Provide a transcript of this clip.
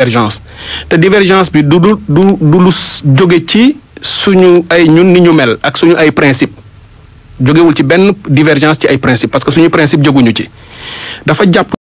divergence te divergence bi du du du du lu jóge ci suñu ay ñun ni ñu mel ak suñu ay principe jógewul ci benn divergence ci ay principe parce que suñu principe jóguñu ci dafa jàpp